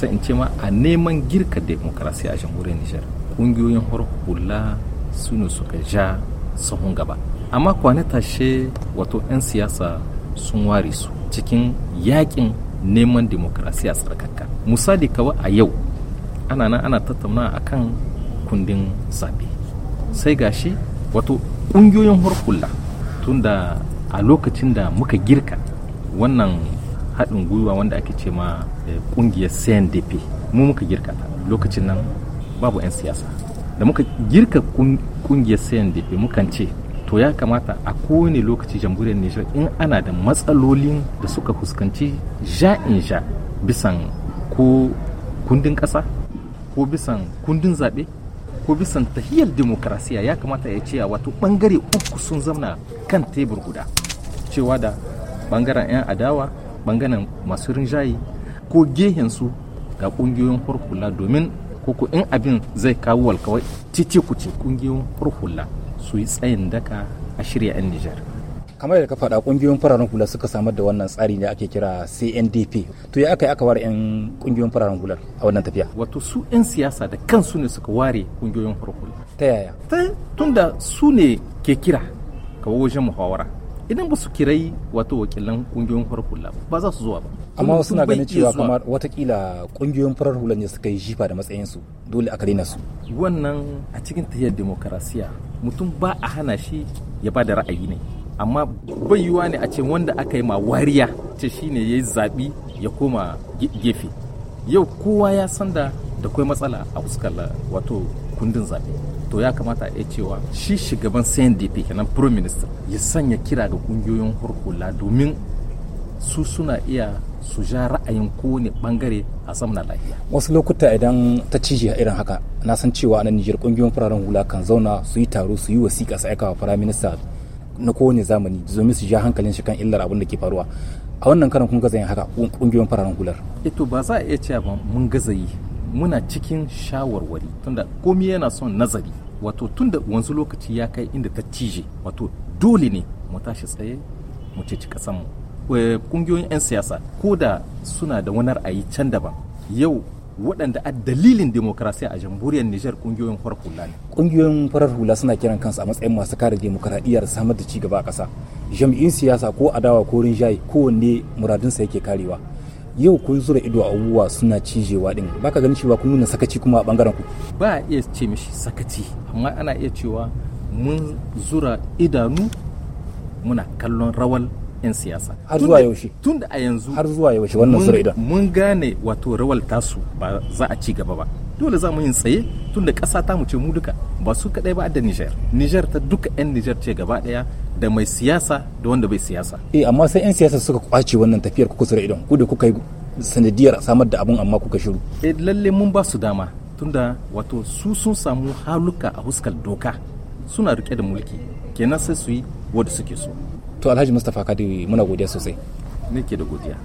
sai in ce ma a neman girka demokarasi a jamhuriyar nijar ƙungiyoyin hula su ne suka ja sahun gaba amma kwana tashe wato 'yan siyasa sun ware su cikin yakin neman demokarasi a tsarkaka misali kawai a yau ana nan ana tattauna akan kundin zaɓe sai gashi wato ƙungiyoyin hula tunda a lokacin da muka girka wannan haɗin gwiwa wanda ake ce ma eh, ƙungiyar CNDP mu muka girka lokacin nan babu 'yan siyasa da muka girka ƙungiyar CNDP mukan ce to ya kamata a kowane lokaci jamhuriyar Nijar in ana da matsalolin da suka fuskanci in sha bisan ko kundin ƙasa ko bisan kundin zaɓe ko bisan tahiyar demokrasiya ya kamata ya ce wato ɓangare uku sun zamna kan tebur guda cewa da ɓangaren 'yan adawa bangaren masu rinjaye ko su ga kungiyoyin hurhula domin koko in abin zai kawo walkawai titi ku ce kungiyoyin hurhula su yi tsayin daka a shirya 'yan Nijar. kamar da ka faɗa kungiyoyin fararen hula suka samar da wannan tsari da ake kira CNDP to ya aka yi aka ware 'yan kungiyoyin fararen hular a wannan tafiya wato su 'yan siyasa da kansu ne suka ware kungiyoyin hurhula ta yaya ta tunda su ne ke kira ka wajen muhawara idan ba su kirai wato wakilan kungiyoyin farar hula ba za su zuwa ba amma wasu na ganin cewa kamar watakila kungiyoyin farar hula ne suka yi jifa da matsayinsu dole aka daina su wannan a cikin tahiyar demokarasiya mutum ba a hana shi ya ba da ra'ayi ne amma bai yiwa ne a ce wanda aka yi ma wariya ce shine ya yi zaɓi ya koma gefe yau kowa ya san da da kwai matsala a fuskar wato kundin zaɓe to ya kamata a cewa shi shugaban cndp kenan prime minister ya sanya kira ga kungiyoyin hurhula domin su suna iya su ja ra'ayin kowane bangare a samuna lafiya. Wasu lokuta idan ta a irin haka na san cewa nan Nijar kungiyoyin fararen hula kan zauna su yi taro su yi wasiƙa su aika wa minister na kowane zamani domin su ja hankalin shi kan illar abin da ke faruwa. A wannan karan kun gaza yin haka kungiyoyin fararen hular. Ito eh ba za a iya cewa mun gaza yi muna cikin shawarwari tunda komi yana son nazari wato tunda wanzu lokaci ya kai inda ta cije wato dole ne mu tashi tsaye mu ceci kasanmu kungiyoyin eh, 'yan siyasa ko da suna da wani ra'ayi can daban yau waɗanda a dalilin demokrasiya a jamhuriyar Nijar kungiyoyin farar hula ne. Kungiyoyin farar hula suna kiran kansu a matsayin masu kare demokradiyyar samar da cigaba a ƙasa. Jam'in siyasa ko adawa ko rinjaye kowanne muradinsa yake karewa. yau kun zura ido a abubuwa suna cijewa din baka ganin cewa kun nuna sakaci kuma a bangaren ku ba a iya ce mishi sakaci amma ana iya cewa mun zura idanu muna kallon rawal 'yan siyasa har zuwa yaushe tun da a yanzu har zuwa yaushe wannan zura idan mun gane wato rawal tasu ba za a ci gaba ba dole za mu yin tsaye tun da ƙasa ta mu ce mu duka ba su kaɗai ba da Niger. Niger ta duka 'yan Niger ce gaba ɗaya da mai siyasa da wanda bai siyasa. Eh amma sai 'yan siyasa suka kwace wannan tafiyar kuka sura idon ku da kuka yi sanadiyar samar da abun amma kuka shiru. Eh lalle mun ba su dama tunda wato su sun samu haluka a huskar doka suna rike da mulki kenan sai su yi wanda suke so. To Alhaji Mustapha Kadiri muna godiya sosai. Nake da godiya.